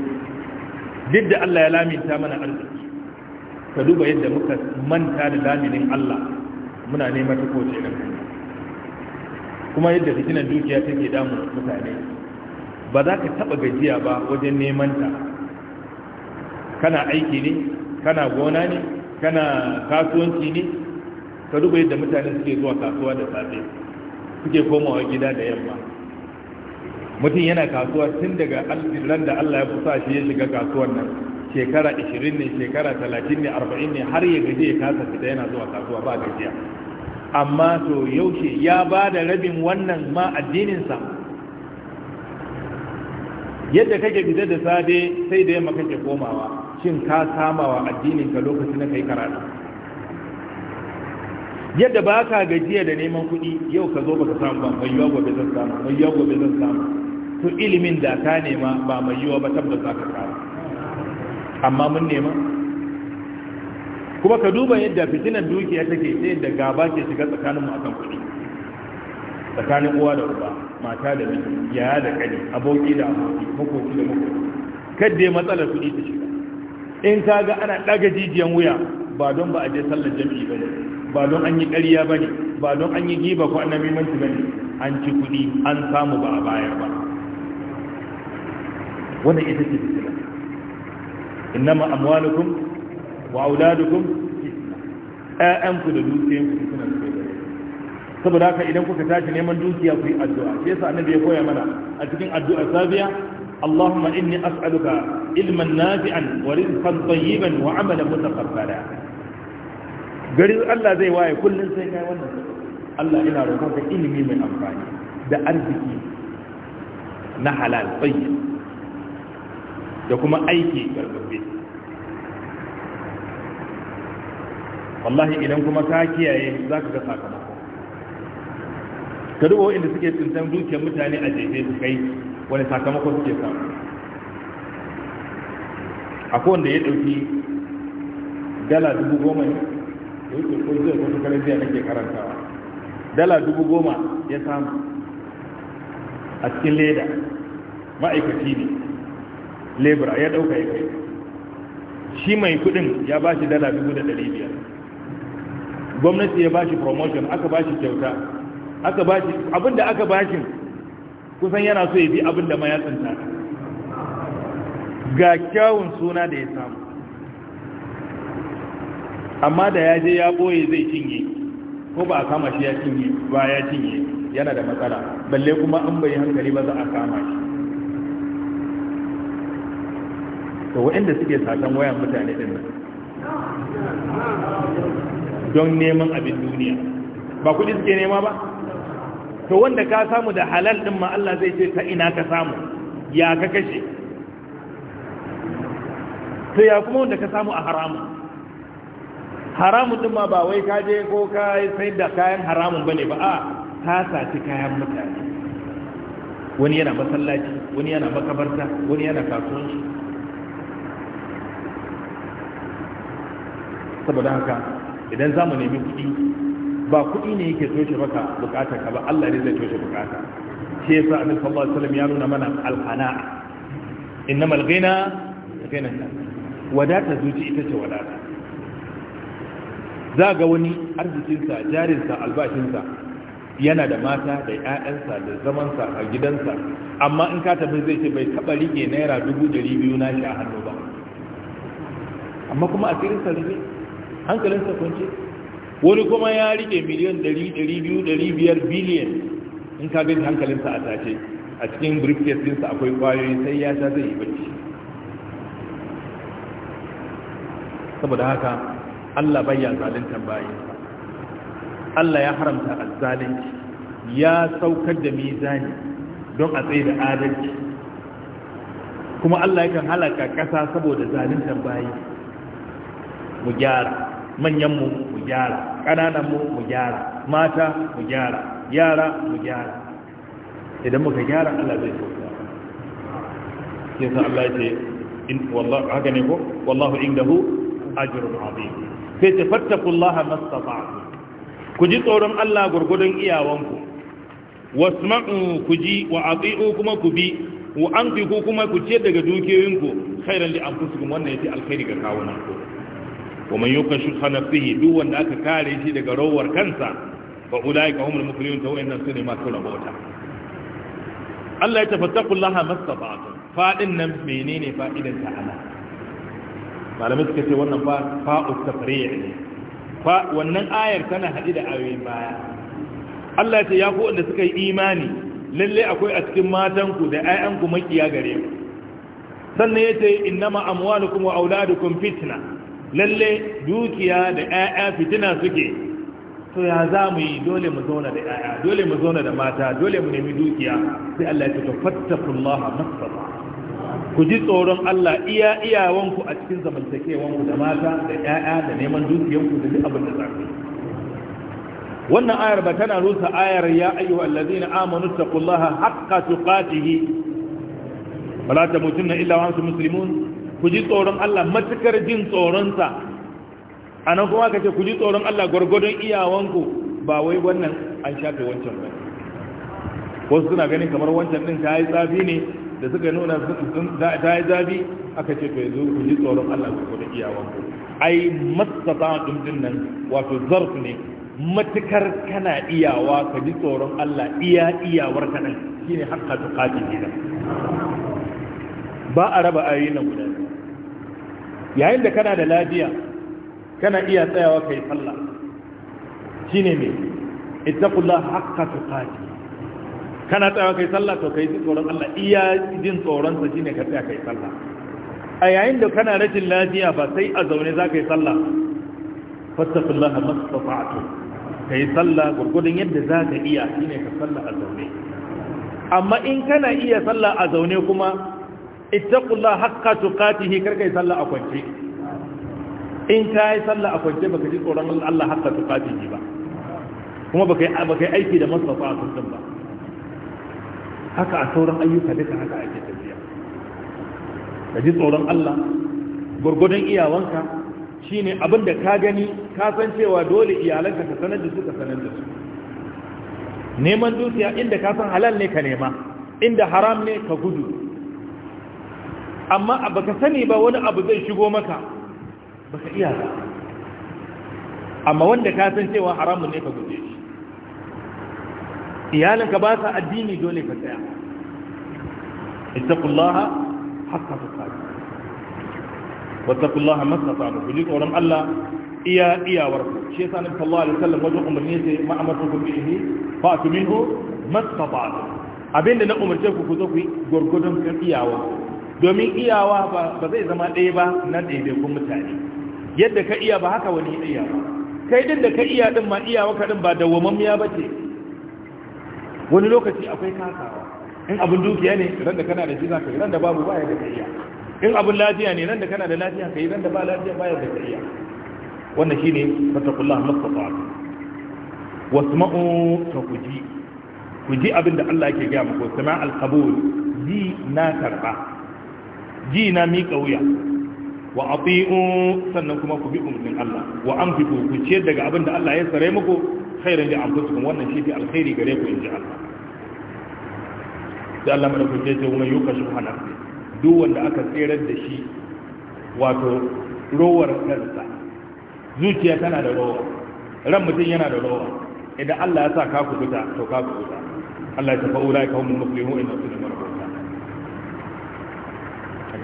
S2: duk da Allah ya laminta mana arziki ka duba yadda muka manta da laminin Allah muna neman ta na kuma kuma yadda fitinan dukiya take damu mutane ba za ka taba gajiya ba wajen neman ta kana aiki ne kana gona ne kana kasuwanci ne ka duba yadda mutane suke zuwa kasuwa da safe suke komawa gida da yamma mutum yana kasuwa tun daga ran da Allah ya kusa shi ya shiga kasuwar nan shekara 20 ne shekara 30 ne 40 ne har ya gaji ya kasa fita yana zuwa kasuwa ba gajiya amma to yaushe ya ba da rabin wannan ma addininsa yadda kake fitar da safe sai da yamma kake komawa shin ka samawa wa addininka lokacin da kai karatu yadda ba ka gajiya da neman kuɗi yau ka zo ba ka samu ba mai yawa gobe zan samu mai yawa gobe zan samu to ilimin da ka nema ba mai yawa ba tabbata ka samu amma mun nema kuma ka duba yadda fitinan dukiya take ta yadda gaba ke shiga tsakanin mu akan kuɗi tsakanin uwa da uba mata da miji yaya da kani aboki da aboki makoki da makoki kadda ya matsalar kuɗi ta shiga in ka ga ana ɗaga jijiyan wuya ba don ba a je sallar jami'i ba ne ba don an yi ƙarya ba ne ba don an yi giba ko annabi manci ba ne an ci kuɗi an samu ba a bayar ba wannan ita ce fitina innama amwalukum wa auladukum ƴaƴanku da dukiyanku suna suke gare saboda haka idan kuka tashi neman dukiya kuyi addu'a shi yasa annabi ya koya mana a cikin addu'a safiya اللهم إني أسألك علما نافعا ورزقا طيبا وعملا متقبلا garin Allah zai waye kullin sai kai wannan Allah ina roƙonka ilimi mai amfani da arziki na halal tsayi da kuma aiki gargabe wallahi idan kuma ka kiyaye za ka ga sakamako ka duba waɗanda suke tsintan dukiyar mutane a jefe su kai wani sakamako suke samu akwai wanda ya ɗauki dala dubu goma ne da yake ko zai ko shekarar jiya nake karantawa dala dubu goma ya samu a cikin leda ma'aikaci ne lebura ya ɗauka ya kai shi mai kudin ya ba shi dala dubu da ɗari biyar gwamnati ya bashi promotion aka bashi kyauta aka bashi abinda aka bashi kusan yana so ya bi abinda ma ya tsinta ga kyawun suna da ya samu amma da ya je ya boye zai cinye ko ba a kama shi ya cinye ba ya cinye yana da matsala balle kuma an bai hankali ba za a kama shi to waɗanda suke sakan wayan mutane din don neman abin duniya ba kudi suke nema ba to wanda ka samu da halal din ma Allah zai ce ta ina ka samu ya ka kashe to ya kuma wanda ka samu a haramu haramu din ma ba wai ka je ko ka sai da kayan haramun bane ba a ka saci kayan mutane wani yana masallaci wani yana makabarta wani yana kasuwanci saboda haka idan za mu nemi kuɗi ba kuɗi ne yake toshe maka bukata ka ba Allah ne zai toshe bukata shi yasa annabi sallallahu alaihi wasallam ya nuna mana alqana'a innamal ghina ghina wadata zuci ita ce wadata za ga wani arzikinsa jarinsa albashinsa yana da mata da 'ya'yansa da zamansa a gidansa amma in ka tafi zai ce bai taɓa rike naira dubu ɗari biyu na shi a hannu ba amma kuma a asirinsa rike hankalinsa kunce wani kuma ya rike miliyan 100-200-500 biliyan in ka gani hankalinsa a tace a cikin briefcase dinsa akwai kwayoyi sai ya sha zai yi bacci saboda haka Allah bayya zalintan bayin Allah ya haramta azzalinci ya saukar da mizani don a tsaye da adalci kuma Allah yakan halaka ƙasa saboda zalintan bayi mu gyara manyan mu mu gyara ƙananan mu mu gyara mata mu gyara yara mu gyara idan muka gyara Allah zai sauka sai san Allah ya ce in wallahi haka ne ko wallahu indahu ajrun azim sai ta fattakullaha mastata'tu ku ji tsoron Allah gurgudun iyawanku wasma'u ku ji wa ati'u kuma ku bi wa anfiqu kuma ku ce daga dukiyoyinku khairan li anfusikum wannan yace alkhairi ga kawunan ku wa man yuka shudha nafsihi duk wanda aka kare shi daga rawar kansa fa ulaika humul muflihun ta wayannan sune masu rabota Allah ya tafattaqullaha mastata'tum fadin nan menene fa'idan ta ala malamai suka ce wannan fa fa'u tafri'i ne fa wannan ayar tana hadi da ayoyin baya Allah ya ce ya ku wanda suka yi imani lalle akwai a cikin matanku da ƴaƴanku makiya gare ku sannan yace innama amwalukum wa auladukum fitna lalle dukiya da 'ya'ya fitina suke to ya za mu yi dole mu zauna da 'ya'ya dole mu zauna da mata dole mu nemi dukiya sai Allah ya ce fattakullaha masfara ku ji tsoron Allah iya iyawanku a cikin zamantakewanku da mata da 'ya'ya da neman dukiyanku da duk abin da za ku wannan ayar ba tana rusa ayar ya ayyu allazina amanu taqullaha haqqa tuqatihi ta tamutunna illa wa antum muslimun ku ji tsoron Allah matukar jin tsoronsa a nan kuma ka ce ku ji tsoron Allah gwargwadon iyawanku ba wai wannan an shafe wancan ba wasu suna ganin kamar wancan din ta yi zafi ne da suka nuna ta yi zafi aka ce yi zo ku ji tsoron Allah gwargwadon iyawanku ai masata dundun nan wato zarf ne matukar kana iyawa ka ji tsoron Allah iya iyawar ka nan shine hakka tuqati ba a raba ayoyin nan guda yayin da kana da lafiya kana iya tsayawa kai sallah Shi ne me ittaqullaha haqqa tuqati kana tsayawa kai sallah to kai tsoron Allah iya jin tsoron sa shine ka tsaya kai sallah a yayin da kana rashin lafiya ba sai a zaune za ka yi sallah fattakullaha mastata'tu ka yi sallah gurgudun yadda za ka iya shine ka sallah a zaune amma in kana iya sallah a zaune kuma ittaqullaha haqqa tuqatihi karkai sallah a kwance in kai sallah a kwance baka ji tsoron Allah haqqa tuqatihi ba kuma baka baka aiki da masafa a kullum ba haka a sauran ayyuka duka haka ake tafiya ka ji tsoron Allah gurgudun iyawanka shine abin da ka gani ka san cewa dole iyalanka ka sanar da su ka sanar da su neman dukiya inda ka san halal ne ka nema inda haram ne ka gudu amma baka sani ba wani abu zai shigo maka baka iya ba amma wanda ka san cewa haramun ne ka guje shi iyalanka ba sa addini dole ka tsaya ittaqullaha haqqa tuqatih wattaqullaha mastata'tu ku ji tsoron Allah iya iyawar ku shi yasa nabi sallallahu alaihi wasallam wajen umarni sai ma amartukum bihi fa atuminhu mastata'tu abinda na umarce ku ku zo ku yi gurgudun kan iyawa domin iyawa ba zai zama ɗaya ba na ɗaiɗaikun mutane yadda ka iya ba haka wani iya ba kai din da ka iya din ma iyawa ka din ba miya ba ce wani lokaci akwai kasawa in abin dukiya ne ran da kana da jiza ka yi ran da babu baya da ka iya in abin lafiya ne ran da kana da lafiya ka yi ran da ba lafiya baya da ka iya wannan ne fatakullah mustafa wasma'u ta kuji kuji abin da Allah yake gaya muku sama'al al-qabul ji na karba ji na miƙa wuya wa a sannan kuma ku bi umarnin Allah wa anfiqu ku ciyar daga abin da Allah ya tsare muku khairan li anfusikum wannan shi fi alkhairi gare ku ji Allah da Allah mada kuke ce wani yuka hana duk wanda aka tserar da shi wato rowar kansa zuciya tana da rowa ran mutum yana da rowa idan Allah ya sa ka kubuta to ka kubuta Allah ya mafi ulai ka humul muflihun inna sunna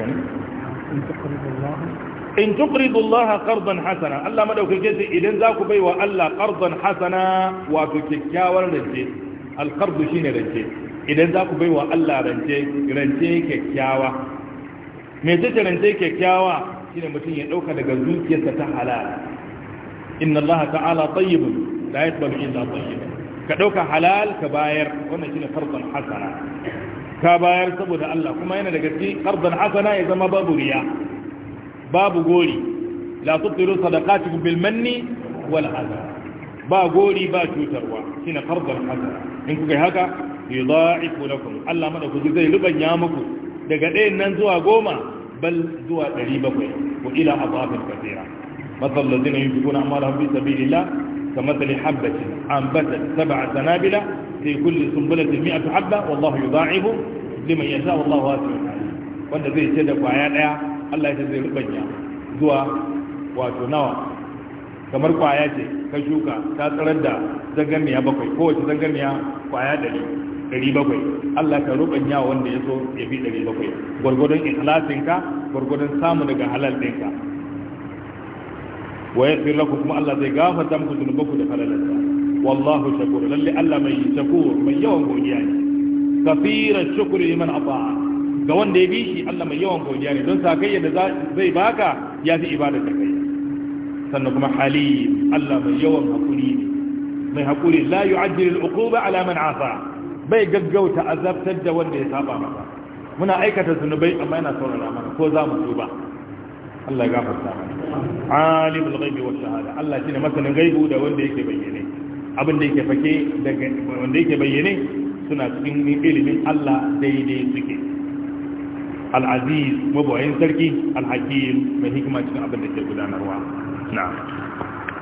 S1: in
S2: tuqridu Allah qardan hasana Allah madaukake ce idan zaku ku baiwa Allah qardan hasana wato kyakkyawar rance al-qardu shine rance idan zaku ku baiwa Allah rance rance kyakkyawa me ce rance kyakkyawa shine mutum ya dauka daga zuciyarsa ta halal inna Allah ta'ala tayyibun la yaqbalu illa tayyiban ka dauka halal ka bayar wannan shine qardan hasana ka bayar saboda Allah kuma yana daga cikin qardan hasana ya zama babu riya babu gori la tutiru sadaqatikum bil manni wal adha ba gori ba cutarwa shine qardan hasana in kuka yi haka yudha'ifu lakum Allah madaukaki zai rubanya muku daga ɗayan nan zuwa goma bal zuwa 700 wa ila adafin kathira مثل الذين ينفقون أموالهم في سبيل الله كمثل حبة أنبتت سبع سنابل في كل سنبلة مئة حبة والله يضاعف لمن يشاء والله واسع wanda zai ce da kwaya daya Allah ya zai rubanya zuwa wato nawa kamar kwaya ce ka shuka ta tsarar da zangamiya bakwai kowace zangamiya kwaya dari dari bakwai Allah ka rubanya wanda ya so ya fi dari bakwai gwargwadon ikhlasinka gwargwadon samu daga halal ɗinka wa yaghfir lakum kuma Allah zai gafarta muku zunubanku da falalarsa wallahu shakur lalle Allah mai shakur mai yawan godiya ne kafira shukri liman ata'a ga wanda ya bi shi Allah mai yawan godiya ne don sakayya da zai baka ya fi ibada ta kai sannan kuma halim Allah mai yawan hakuri ne mai hakuri la yu'ajjilu al-uquba ala man 'asa bai gaggauta azabtar da wanda ya saba maka muna aikata zunubai amma yana saurara mana ko za mu duba. Allah ya gafarta alimul ghaibi was shahada Allah shine masanin gaibu da wanda yake bayyane abin da yake fake daga wanda yake bayyane suna cikin ilimin Allah daidai suke al-aziz mabawayin sarki al-hakim mai hikima cikin abin da ke gudanarwa na'am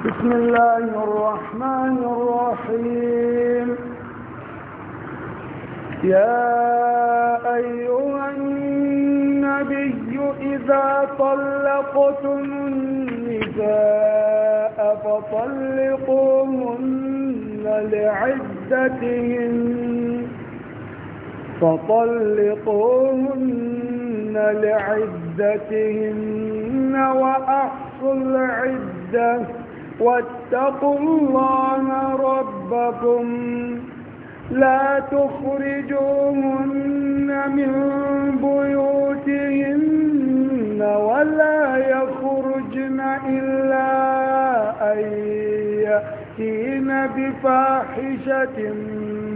S3: بسم الله الرحمن الرحيم يا أيها الناس إذا طلقتم النساء فطلقوهن لعدتهن فطلقوهن لعدتهن وأحصوا العدة واتقوا الله ربكم لا تخرجوهن من بيوتهن ولا يخرجن إلا أن يأتين بفاحشة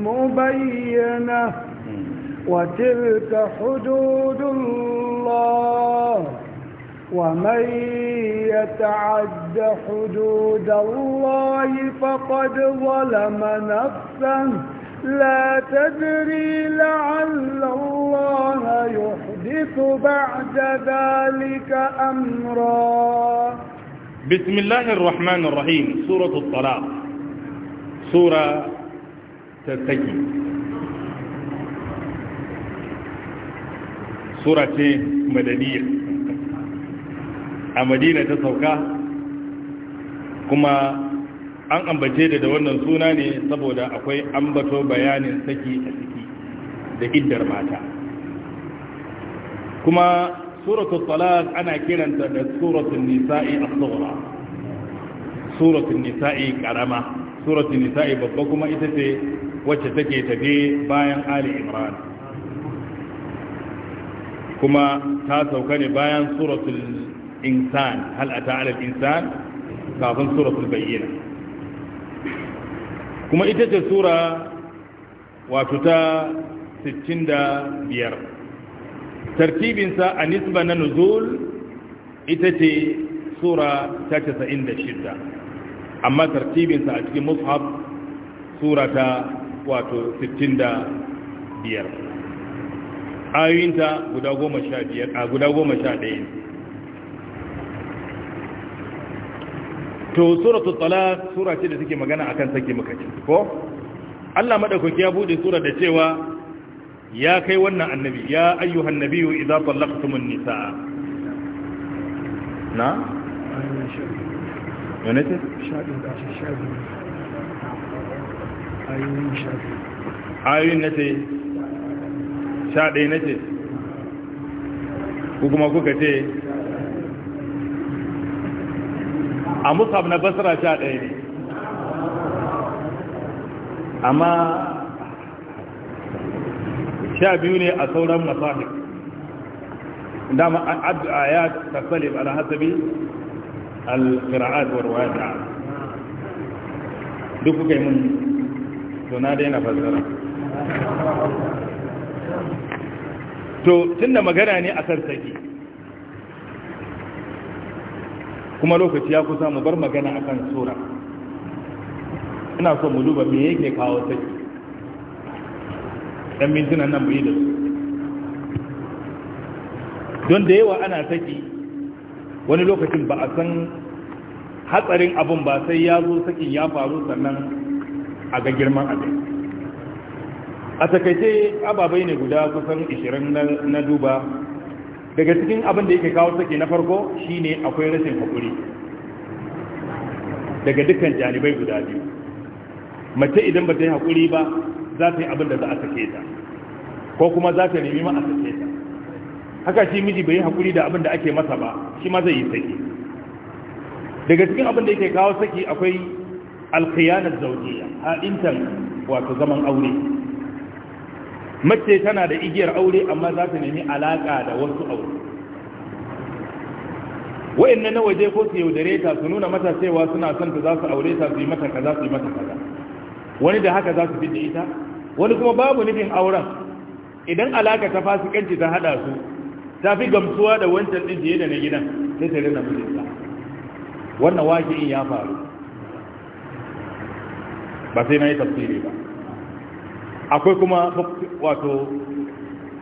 S3: مبينة وتلك حدود الله ومن يتعد حدود الله فقد ظلم نفسه لا تدري لعل الله يحب يحدث بعد ذلك أمرا
S2: بسم الله الرحمن الرحيم سورة الطلاق سورة تتكي سورة مدنية a madina sauka kuma an ambace da da wannan suna ne saboda akwai ambato bayanin saki a ciki da iddar mata kuma suratul talaq ana kiranta da suratul nisa'i as-sughra suratul nisa'i karama suratul nisa'i babba kuma ita ce wacce take tafe bayan ali imran kuma ta sauka ne bayan suratul insan hal ata ala al-insan kafin suratul bayyina kuma ita ce sura wato ta 65 tartibinsa a nisba na nuzul ita ce sura ta casa'in da shidda amma tartibinsa a cikin mushaf sura ta wato sittin da biyar guda goma sha biyar a guda goma sha ɗaya to suratul talaq sura ce da take magana akan sake makaci ko Allah madaukaki ya bude sura da cewa ya kai wannan annabi ya ayyuhan nabiyyu idza tallaqtumun nisaa na yonete ayoyin nace sha ɗaya nace ko kuma kuka ce a musab na basra sha ɗaya ne amma sha biyu ne a sauran masahib dama addu'a ya tasalib ala hasabi al-qira'at wa ruwaya duk kuka yi mun to na daina fassara to tunda magana ne a sarsaki kuma lokaci ya kusa mu bar magana akan sura ina so mu duba me yake kawo saki ɗan mintunan nan bai da su don da yawa ana saki wani lokacin ba a san hatsarin abin ba sai ya zo sakin ya faru sannan a ga girman abin a takaice ababai ne guda kusan 20 na duba daga cikin abin da yake kawo sake na farko shine akwai rashin haƙuri daga dukkan jalibai guda biyu mace idan ba ta yi haƙuri ba za ta yi abin da za a sake ta ko kuma za ta nemi ma a sake ta haka shi miji bai yi hakuri da abin da ake masa ba shi ma zai yi saki daga cikin abin da yake kawo saki akwai alkhiyanar zaujiya haɗintan wato zaman aure mace tana da igiyar aure amma za ta nemi alaƙa da wasu aure wa'annan na waje ko su yaudare ta su nuna mata cewa suna son ta za su aure ta su yi mata kaza su yi mata kaza wani da haka za su fi da ita wani kuma babu nufin auren idan alaka ta fasikanci ta hada su ta fi gamsuwa da wancan ɗin jiye da na gidan sai ta rina mijinta wannan in ya faru ba sai na yi tafsiri ba akwai kuma wato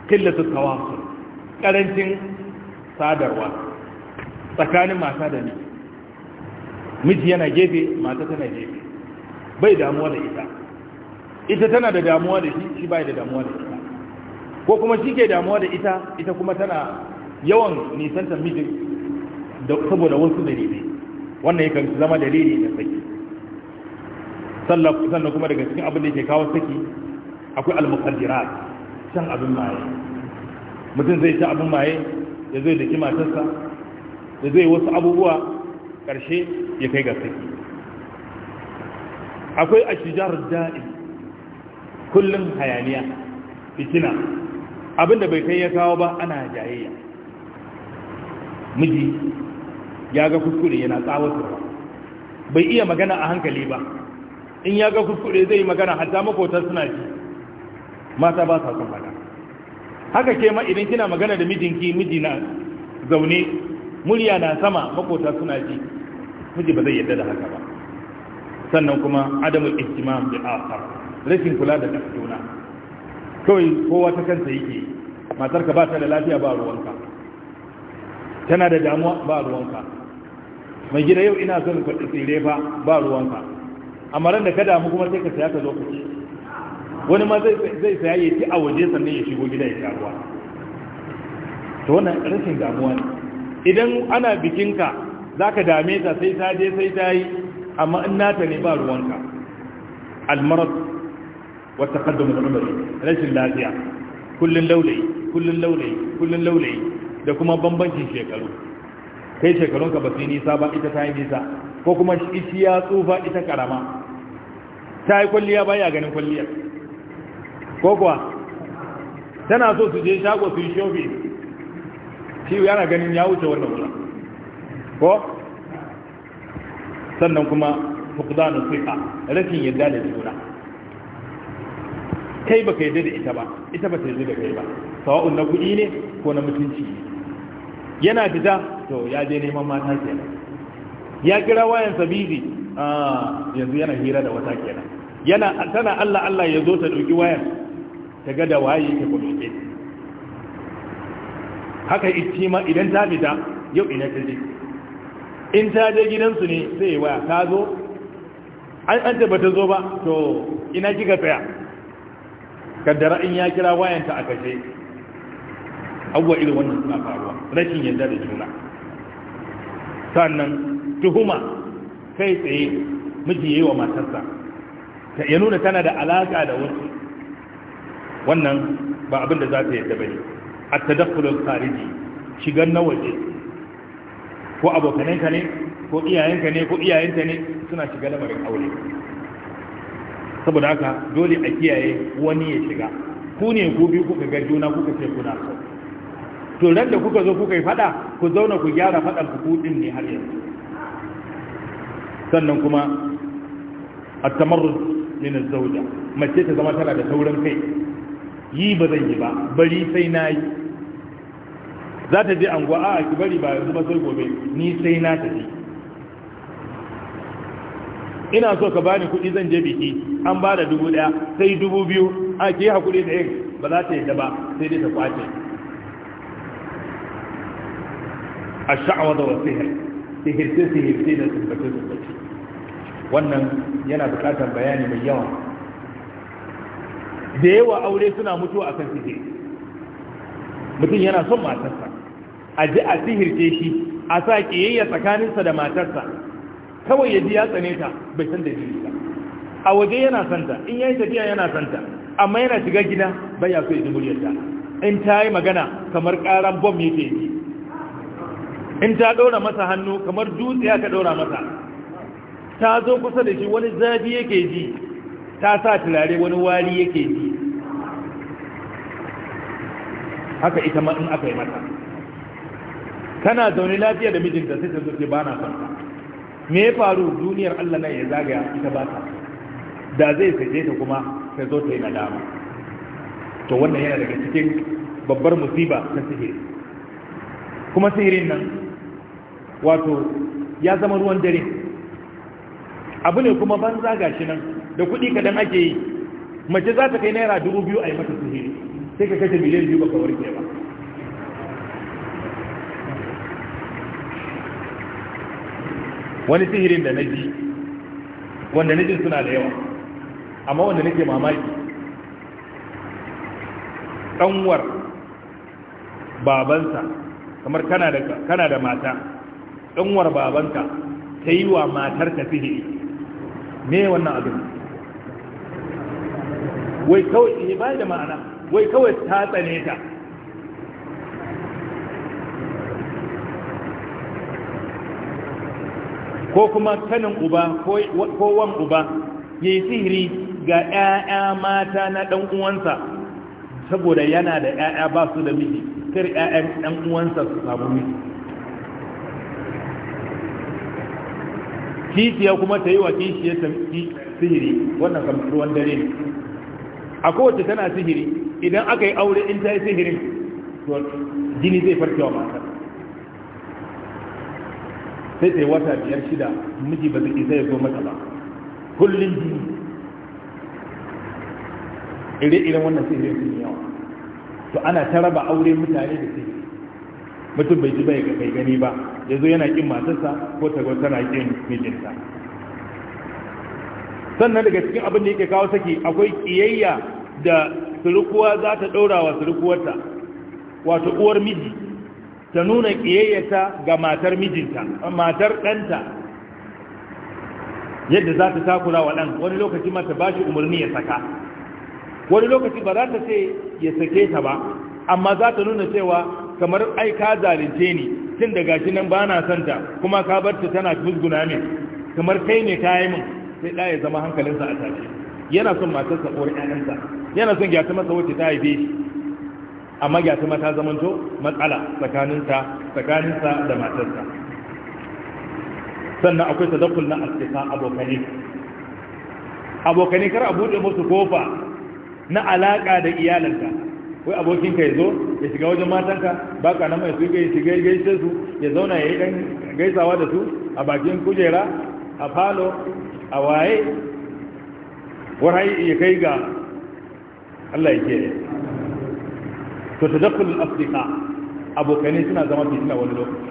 S2: killata tawasu ƙarancin sadarwa tsakanin mata da ni. miji yana gefe mata tana gefe bai damuwa da ita ita tana da damuwa da shi shi bai da damuwa da ita ko kuma shi ke damuwa da ita ita kuma tana yawan nisan mijin saboda wasu dalilai wannan yakan zama dalili na saki sannan kuma daga cikin abin da ke kawo saki akwai almukaddirat shan abin maye mutum zai ci abin maye ya zai daki matarsa ya zai wasu abubuwa ƙarshe ya kai ga saki akwai ashijar da'i kullum hayaniya fitina abinda bai kai ya kawo ba ana jayayya miji ya ga kuskure yana tsawatarwa bai iya magana a hankali ba in ya ga kuskure zai magana hatta makotar suna ji mata ba sa son magana haka ke ma idan kina magana da mijinki miji na zaune murya na sama makotar suna ji miji ba zai yadda da haka ba sannan kuma adamul ihtimam bi akhar rashin kula da juna kawai kowa ta kanta yake matarka ba ta da lafiya ba ruwanka tana da damuwa ba ruwanka mai gida yau ina son kwaɗi tsire ba ba ruwanka amma ran da ka damu kuma sai ka saya ka zo ka ce wani ma zai saya ya ci a waje sannan ya shigo gida ya sha ruwa to wannan rashin damuwa ne idan ana bikinka za ka dame ta sai ta je sai ta yi amma in nata ne ba ruwanka almarar wata kaddama da umari rashin lafiya kullun laulayi kullun laulayi da kuma bambancin shekaru kai shekarunka ba su yi nisa ba ita ta yi nisa ko kuma shi ya tsufa ita karama ta yi kwalliya ba ya ganin kwalliya ko kuwa tana so su je shago su yi shofi shi yana ganin ya wuce wannan wula ko sannan kuma fukudanin suka rashin yadda da juna kai baka yarda da ita ba ita ba ta yi da kai ba sawa'un na kuɗi ne ko na mutunci yana fita to ya je neman mata kenan ya kira wayan sabizi a ah, yanzu yana hira da wata kenan yana tana Allah Allah ya zo ta ɗauki wayan ta ga da waye ku kuɗi haka ita ma idan ta fita yau ina ta je in ta je gidansu ne sai waya ta zo an an bata zo ba to ina kika tsaya kaddara in ya kira wayanta a kashe abuwa irin wannan suna faruwa rashin yadda da juna sannan tuhuma kai tsaye miji yayi wa matarsa ya nuna tana da alaƙa da wasu wannan ba abin da za ta yadda bane at-tadakhulul tsariji shigar na waje ko abokanenka ne ko iyayenka ne ko iyayenta ne suna shiga lamarin aure saboda haka dole a kiyaye wani ya shiga ku ne ku biyu kuka ga juna kuka ce kuna so to ran da kuka zo kuka yi fada ku zauna ku gyara fadan ku din ne har yanzu sannan kuma at-tamarruz min az-zawja mace ta zama tana da taurin kai yi ba zan yi ba bari sai na yi za ta je anguwa a ki bari ba yanzu ba sai gobe ni sai na tafi ina so ka bani kuɗi zan je biki an ba da dubu ɗaya sai dubu biyu a ke hakuri da yin ba za ta yadda ba sai dai ta kwace a sha'awa da wasu sihirce sihirce da tumbace tumbace wannan yana buƙatar bayani mai yawa da yawa aure suna mutuwa akan sihiri mutum yana son matarsa a ji a sihirce shi a sa kiyayya tsakaninsa da matarsa kawai ya ya tsane ta bai san da ba a waje yana santa in yayi tafiya yana santa amma yana shiga gida bai ya so ya ji muryarta in ta yi magana kamar karan bom yake yi in ta dora masa hannu kamar dutse aka dora masa ta zo kusa da shi wani zafi yake ji ta sa turare wani wari yake ji haka ita ma in aka yi mata tana zaune lafiya da mijinta sai ta zo ke ba na son me ya faru duniyar Allah nan ya zagaya ita ba ta da zai saje ta kuma ta zo ta yi nadama to wannan yana daga cikin babbar musiba ta sihiri kuma sihirin nan wato ya zama ruwan dare abu ne kuma ban zaga shi nan da kuɗi kadan ake yi mace za ta kai naira dubu biyu a yi mata sihiri sai ka kashe miliyan biyu ba ka warke ba wani sihirin da na ji wanda na suna da yawa amma wanda nake mamaki ɗanwar babansa kamar kana da mata ɗanwar babanka ta yi wa matar ta sihiri me wannan abin wai kawai eh, ba da ma'ana wai kawai ta tsane ta ko kuma kanin uba ko wan uba ya yi sihiri ga 'ya'ya mata na ɗan’uwansa uwansa saboda yana da 'ya'ya ba su da miji kar 'ya'yan ɗan’uwansa uwansa su samu miji kishiya kuma ta yi wa kishiyar sihiri wannan kamfuruwan dare ne a kowace tana sihiri idan aka yi aure in ta yi sihirin jini zai farkewa wa matar sai ta yi wata biyar shida miji ba zai zai zo mata ba kullum jini ire-iren wannan sihirin sun yawa to ana ta raba aure mutane da sihiri mutum bai ji bai bai gani ba ya zo yana kin matarsa ko ta tana kin mijinta sannan daga cikin abin da yake kawo saki akwai kiyayya da surukuwa za ta ɗora wa surukuwarta wato uwar miji ta nuna ƙiyayyata ga matar mijinta matar danta. yadda za ta takura wa ɗan wani lokaci mata ba shi umarni ya saka wani lokaci ba za ta ce ya sake ta ba amma za ta nuna cewa kamar ai ka zalunce ni tun da gashi nan ba na santa kuma ka bar tana musguna ne kamar kai ne ka yi min sai ɗaya zama hankalinsa a tashi yana son matarsa ko ƴaƴansa yana son ta masa wacce ta haife shi amma ya kuma ta zamanto matsala tsakaninsa da matarsa sannan akwai sadakul na alƙisa abokane abokane kar a buɗe musu kofa na alaƙa da iyalanka wai abokinka ya zo ya shiga wajen matanka baka nan mai su ya shiga gaishe su ya zauna ya yi ɗan gaisawa da su a bakin kujera a falo a waye warai ya kai ga Allah ya kiyaye to ta dakkul afirka abokanai suna zama fitina wani lokaci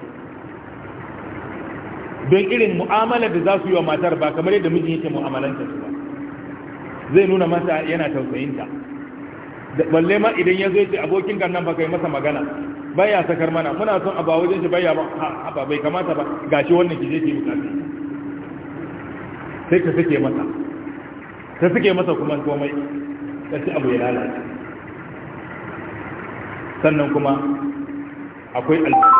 S2: don irin mu'amalar da za su yi wa matar ba kamar yadda mijin yake mu'amalanta su ba zai nuna masa yana tausayinta balle ma idan ya zo ce abokin gannan ba kai masa magana baya sakar mana muna son abu a wajen shi baya ba bai kamata ba ga shi wannan ki je ki bukatu sai ka suke masa ta suke masa kuma komai ta ci abu ya lalace sannan kuma akwai alfawa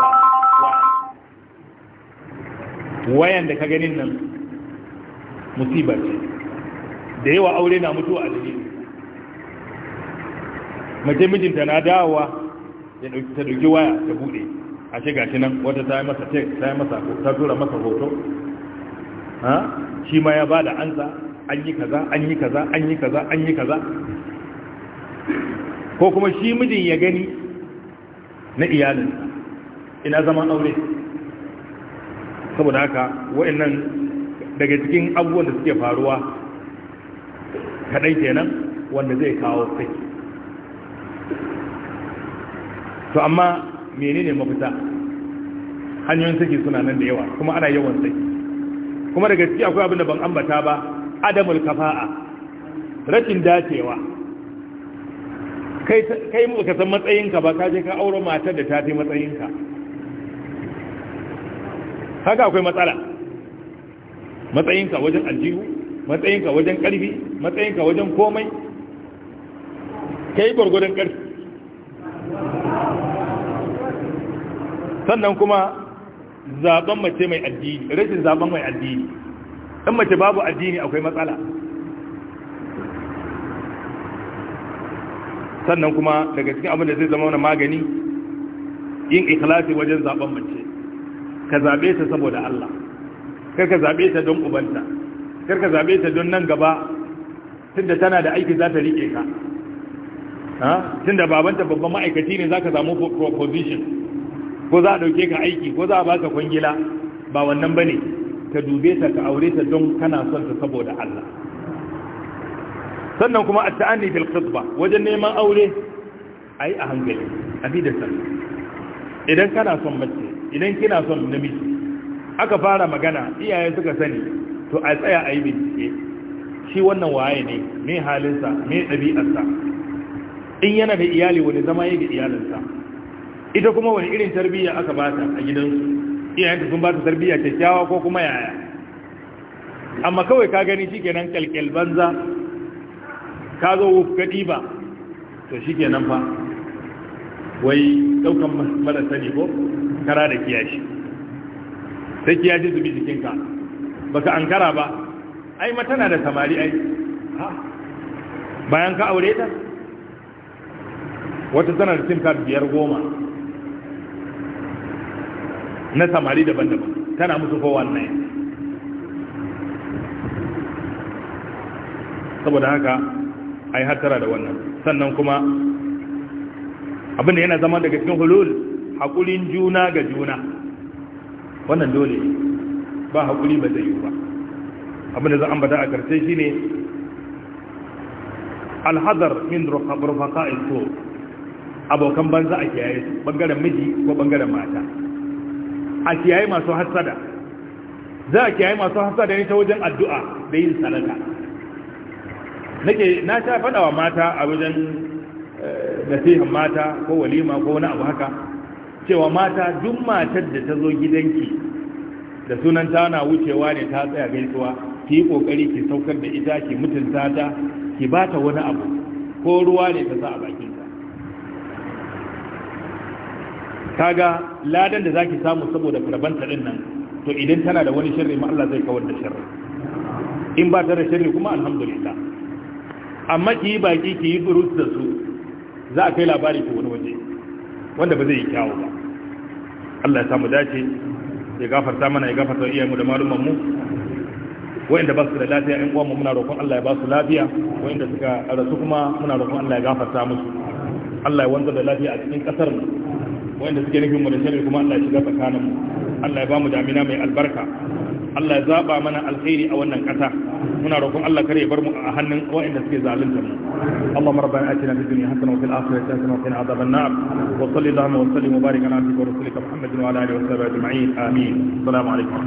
S2: wayan da ka ganin nan musibar ce da yawa aure na mutuwa a jini mace mijinta na dawowa ta dauki waya ta buɗe a shiga shi nan wata ta yi masa ta yi masa ta tura masa hoto shi ma ya ba da ansa an yi kaza an yi kaza an yi kaza an yi kaza ko kuma shi mijin ya gani na iyalin ina zaman aure saboda haka wa'annan daga cikin abubuwan da suke faruwa kaɗai kenan wanda zai kawo sai to amma menene mafita hanyoyin saki suna nan da yawa kuma ana yawan saki kuma daga ciki akwai abin da ban ambata ba adamul kafa'a rashin dacewa kai kai ka san matsayinka ba ka je ka aure matar da ta fi matsayinka haka akwai matsala matsayinka wajen aljihu matsayinka wajen karfi matsayinka wajen komai kai gwargwadon karfi sannan kuma zaben mace mai addini rashin zaben mai addini in mace babu addini akwai matsala sannan kuma daga cikin abin da zai zama wani magani yin ikhlasi wajen zaben mace ka zabe ta saboda Allah kar ka zabe ta don ubanta kar ka zabe ta don nan gaba tunda tana da aiki za ta rike ka ha tunda babanta babban ma'aikaci ne zaka samu proposition, ko za a dauke ka aiki ko za a baka kwangila ba wannan bane ka dube ta ka aure ta don kana son ta saboda Allah sannan kuma a taanni fil khitba wajen neman aure ai a hankali abi da sallah idan kana son mace idan kina son namiji aka fara magana iyaye suka sani to a tsaya a yi bincike shi wannan waye ne me halinsa me ɗabi'arsa in yana da iyali wani zama yi ga iyalinsa ita kuma wani irin tarbiyya aka ba ta a gidansu iyayenta sun ba ta tarbiyya kyakkyawa ko kuma yaya amma kawai ka gani shi kenan kalkyal banza ka zo wuf ba ɗiba to shi ke nan fa wai ɗaukan mara sani ko kara da kiyashi sai kiyashi su bi jikinka baka ankara ba ai matana da samari ai bayan ka aure ta wata tana da sim card biyar goma na samari daban-daban tana musu na wannan saboda haka a yi hatara da wannan sannan kuma abin da yana zama daga cikin hulul haƙurin juna ga juna wannan dole ba haƙuri ba zai yi ba abin da za an bada a karshe shi ne alhazar min rufaka iso abokan banza a kiyaye su ɓangaren miji ko ɓangaren mata a kiyaye masu hasada za a kiyaye masu hasada ne ta wajen addu'a da yin salata. nake na sha fada wa mata a wajen eh, nasihan mata ko walima ko wani abu haka cewa mata duk matar da ta zo gidanki da sunan na wucewa ne ta tsaya gaisuwa ki yi kokari ki saukar da ita ki mutunta ta ki ba ta wani abu ko ruwa ne ta sa a bakin ta kaga ladan da zaki samu saboda rabanta din nan to idan tana da wani sharri ma Allah zai kawar da sharri in ba ta da sharri kuma alhamdulillah amma ki yi baki ki yi burus da su za a kai labari ta wani waje wanda ba zai yi kyawu ba Allah ya samu dace ya gafarta mana ya gafarta iyayenmu da malumman mu wa'inda ba su da lafiya in kuma muna roƙon Allah ya ba su lafiya wa'inda suka rasu kuma muna roƙon Allah ya gafarta musu Allah ya wanzar da lafiya a cikin ƙasar mu wa'inda suke nufin mu da shari'a kuma Allah ya shiga tsakanin mu Allah ya ba mu damina mai albarka Allah ya zaba mana alkhairi a wannan kasa muna roƙon Allah kare ya bar mu a hannun waɗanda suke zalunta mu Allahumma rabbana atina fid dunya hasanatan wa fil akhirati hasanatan wa qina adhaban nar wa salli Allahumma wa sallim wa barik ala abdika wa rasulika Muhammadin wa ala alihi wa sahbihi ajma'in amin assalamu alaikum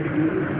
S2: Thank you.